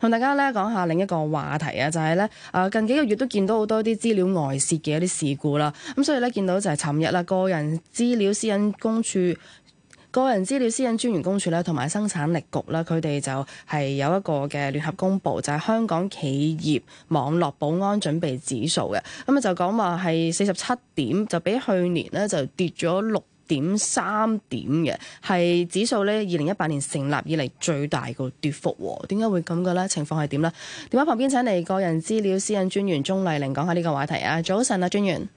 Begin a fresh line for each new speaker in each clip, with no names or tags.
同大家咧講下另一個話題啊，就係咧啊近幾個月都見到好多啲資料外泄嘅一啲事故啦。咁所以咧見到就係，尋日啦，個人資料私隱公署、個人資料私隱專員公署咧，同埋生產力局啦，佢哋就係有一個嘅聯合公佈，就係香港企業網絡保安準備指數嘅。咁啊就講話係四十七點，就比去年呢就跌咗六。點三點嘅係指數咧，二零一八年成立以嚟最大個跌幅，點解會咁嘅咧？情況係點咧？電話旁邊請嚟個人資料私隱專員鍾麗玲講下呢個話題啊！早晨啊，專員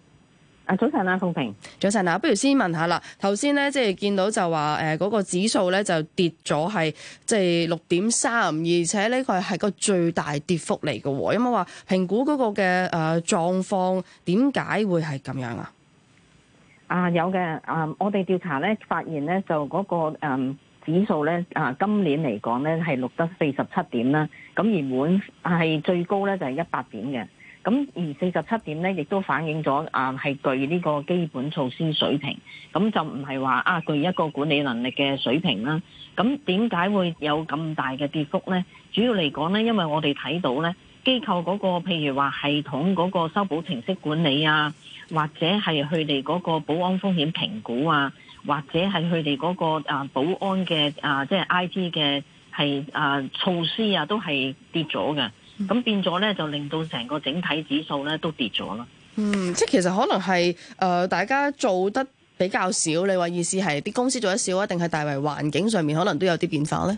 啊，早晨啊，鳳平，早晨啊，不如先問下啦。頭先咧，即係見到就話誒，嗰個指數咧就跌咗係即係六點三，而且呢個係個最大跌幅嚟嘅，因為話評估嗰個嘅誒狀況，點解會係咁樣啊？啊，有嘅，啊、嗯，我哋調查咧，發現
咧就嗰、那個、嗯、指數咧，啊，今年嚟講咧係錄得四十七點啦，咁而滿係最高咧就係一百點嘅，咁而四十七點咧亦都反映咗啊，係具呢個基本措施水平，咁就唔係話啊具一個管理能力嘅水平啦，咁點解會有咁大嘅跌幅咧？主要嚟講咧，因為我哋睇到咧。機構嗰、那個，譬如話系統嗰個修補程式管理啊，或者係佢哋嗰個保安風險評估啊，或者係佢哋嗰個啊保安嘅啊即係 I T 嘅係啊措施啊，都係跌咗嘅。咁變咗咧，就令到成個整體指數咧都跌咗咯。嗯，
即其實可能係誒、呃、大家做得比較少。你話意思係啲公司做得少啊，定係大圍環境上面可能都有啲變化咧？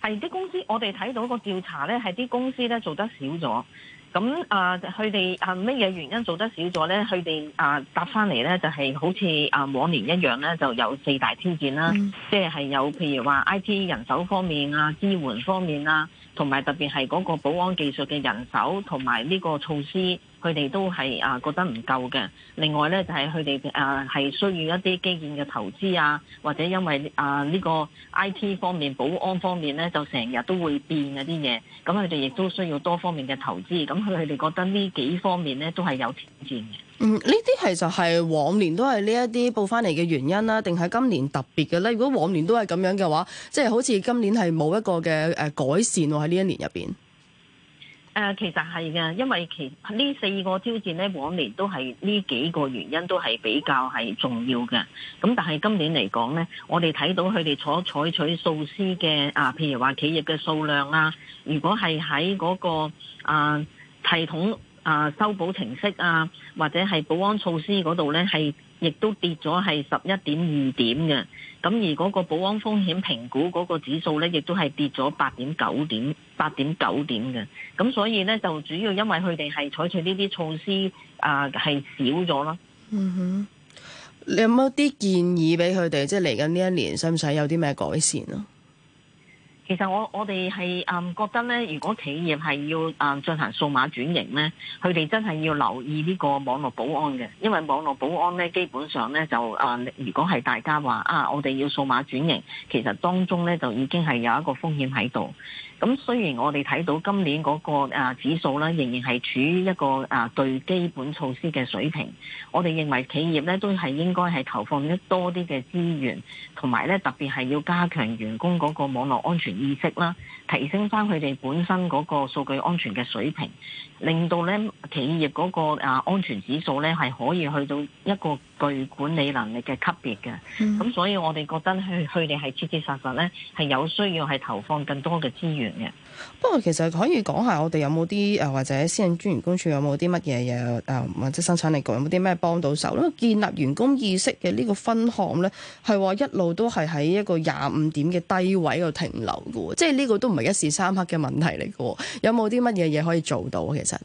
係啲公司，我哋睇到個調查咧，係啲公司咧做得少咗。咁啊，佢哋啊乜嘢原因做得少咗咧？佢哋啊答翻嚟咧，就係好似啊往年一樣咧，就有四大挑戰啦。即係係有譬如話 I T 人手方面啊、支援方面啊，同埋特別係嗰個保安技術嘅人手同埋呢個措施，佢哋都係啊覺得唔夠嘅。另外咧，就係佢哋啊係需要一啲基建嘅投資啊，或者因為啊呢個 I T 方面、保安方面咧，就成日都會變嗰啲嘢，咁佢哋亦都需要多方面嘅投資咁佢哋覺得呢幾方面咧都係有挑
戰嘅。嗯，呢啲其實係往年都係呢一啲報翻嚟嘅原因啦，定係今年特別嘅咧？如果往年都係咁樣嘅話，即係好似今年係冇一個嘅誒、呃、改善喎，喺呢一年入邊。
誒、呃，其實係嘅，因為其呢四個挑戰咧，往年都係呢幾個原因都係比較係重要嘅。咁但係今年嚟講咧，我哋睇到佢哋所採取措施嘅啊，呃、譬如話企業嘅數量啊，如果係喺嗰個啊。呃系統啊、呃，修補程式啊，或者係保安措施嗰度咧，係亦都跌咗係十一點二點嘅。咁而嗰個保安風險評估嗰個指數咧，亦都係跌咗八點九點八點九點嘅。咁所以咧，就主要因為佢哋係採取呢啲措施啊，係、呃、少咗咯。嗯哼，
你有冇啲建議俾佢哋？即係嚟緊呢一年，使唔使有啲咩改善啊？
其實我我哋係啊覺得咧，如果企業係要啊進行數碼轉型咧，佢哋真係要留意呢個網絡保安嘅。因為網絡保安咧基本上咧就啊，如果係大家話啊，我哋要數碼轉型，其實當中咧就已經係有一個風險喺度。咁雖然我哋睇到今年嗰個啊指數咧，仍然係處於一個啊對基本措施嘅水平。我哋認為企業咧都係應該係投放多一多啲嘅資源，同埋咧特別係要加強員工嗰個網絡安全意識啦，提升翻佢哋本身嗰個數據安全嘅水平，令到咧企業嗰個啊安全指數咧係可以去到一個具管理能力嘅級別嘅。咁、嗯、所以我哋覺得佢佢哋係切切實實咧係有需要係投放更多嘅資源。
不過其實可以講一下我們有有一，我哋有冇啲誒，或者私隱專員公署有冇啲乜嘢嘢誒，或者生產力局有冇啲咩幫到手咧？建立員工意識嘅呢個分項咧，係話一路都係喺一個廿五點嘅低位度停留嘅，即係呢個都唔係一時三刻嘅問題嚟嘅。有冇啲乜嘢嘢可以做到？其實，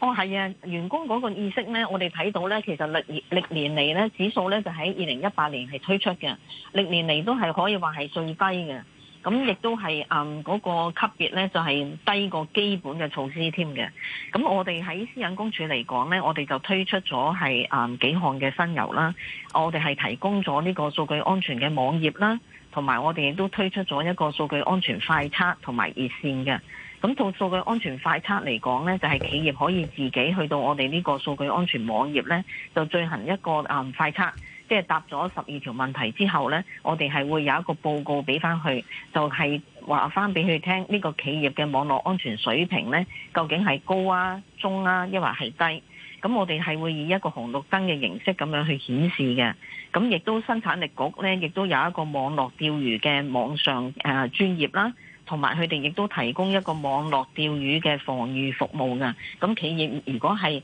哦係啊，員工嗰個意識咧，我哋睇到咧，其實歷歷年嚟咧指數咧就喺二零一八年係推出嘅，歷年嚟都係可以話係最低嘅。咁亦都係嗰、嗯那個級別咧，就係、是、低過基本嘅措施添嘅。咁我哋喺私隱公署嚟講呢，我哋就推出咗係、嗯、幾項嘅新猷啦。我哋係提供咗呢個數據安全嘅網頁啦，同埋我哋亦都推出咗一個數據安全快測同埋熱線嘅。咁到數據安全快測嚟講呢，就係、是、企業可以自己去到我哋呢個數據安全網頁呢，就進行一個、嗯、快測。即係答咗十二條問題之後呢，我哋係會有一個報告俾翻佢，就係話翻俾佢聽呢、這個企業嘅網絡安全水平呢，究竟係高啊、中啊，抑或係低。咁我哋係會以一個紅綠燈嘅形式咁樣去顯示嘅。咁亦都生產力局呢，亦都有一個網絡釣魚嘅網上誒專、呃、業啦。同埋佢哋亦都提供一個網絡釣魚嘅防禦服務㗎。咁企業如果係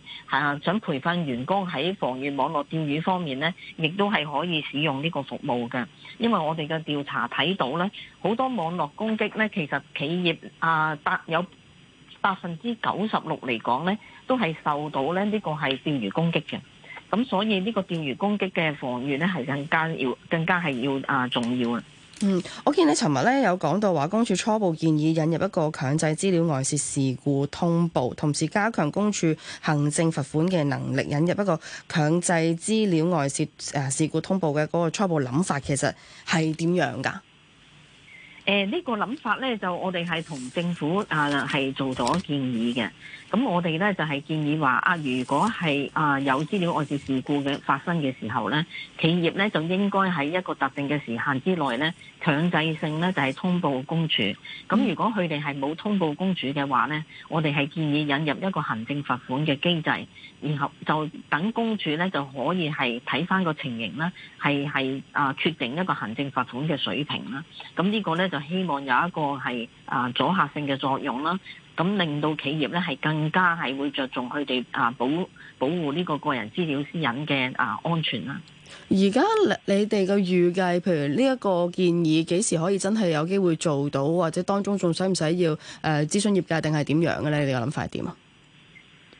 想培訓員工喺防禦網絡釣魚方面呢，亦都係可以使用呢個服務㗎。因為我哋嘅調查睇到呢，好多網絡攻擊呢，其實企業啊有百分之九十六嚟講呢，都係受到呢個係釣魚攻擊嘅。咁所以呢個釣魚攻擊嘅防禦呢，係更加要更加係要啊重要啊！
嗯，我見你尋日咧，有講到話公署初步建議引入一個強制資料外泄事故通報，同時加強公署行政罰款嘅能力，引入一個強制資料外泄誒事故通報嘅嗰個初步諗法，其實係點樣噶？
誒呢個諗法咧，就我哋係同政府啊係做咗建議嘅。咁我哋咧就係、是、建議話啊，如果係啊有資料外泄事故嘅發生嘅時候咧，企業咧就應該喺一個特定嘅時限之內咧強制性咧就係、是、通報公署。咁如果佢哋係冇通報公署嘅話咧，我哋係建議引入一個行政罰款嘅機制，然後就等公署咧就可以係睇翻個情形啦，係係啊決定一個行政罰款嘅水平啦。咁呢個咧就，希望有一個係啊阻嚇性嘅作用啦，咁令到企業咧係更加係會着重佢哋啊保保護呢個個人資料私隱嘅啊安全啦。
而家你哋嘅預計，譬如呢一個建議幾時可以真係有機會做到，或者當中仲使唔使要誒、呃、諮詢業界定係點樣嘅咧？你哋嘅諗法係點啊？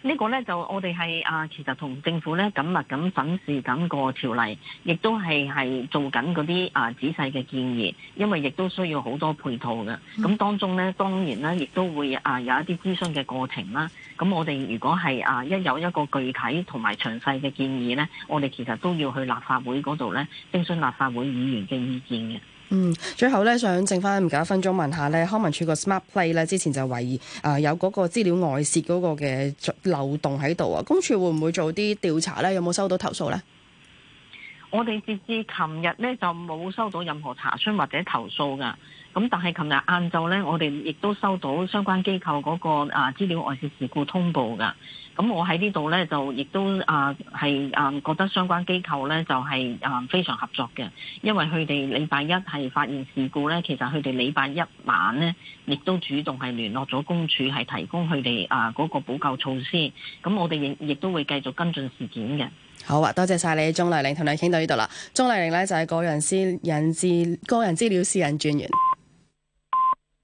呢個呢，就我哋係啊，其實同政府呢緊密咁審視緊個條例，亦都係係做緊嗰啲啊仔細嘅建議，因為亦都需要好多配套嘅。咁、嗯、當中呢，當然呢，亦都會啊有一啲諮詢嘅過程啦。咁我哋如果係啊一有一個具體同埋詳細嘅建議呢，我哋其實都要去立法會嗰度呢，徵詢立法會議員嘅意見嘅。
嗯，最後咧，想剩返唔夠一分鐘問下咧，康文署個 Smart Play 咧，之前就懷疑啊有嗰個資料外洩嗰個嘅漏洞喺度啊，公署會唔會做啲調查咧？有冇收到投訴咧？
我哋截至琴日咧就冇收到任何查詢或者投訴噶，咁但係琴日晏晝咧，我哋亦都收到相關機構嗰個啊資料外泄事故通報噶。咁我喺呢度咧就亦都啊係啊覺得相關機構咧就係啊非常合作嘅，因為佢哋禮拜一係發現事故咧，其實佢哋禮拜一晚咧亦都主動係聯絡咗公署係提供佢哋啊嗰個補救措施。咁我哋亦亦都會繼續跟進事件嘅。
好啊，多謝晒你，鍾麗玲，同你傾到呢度啦。鍾麗玲呢就係個人私隱私個人資料私隱專員。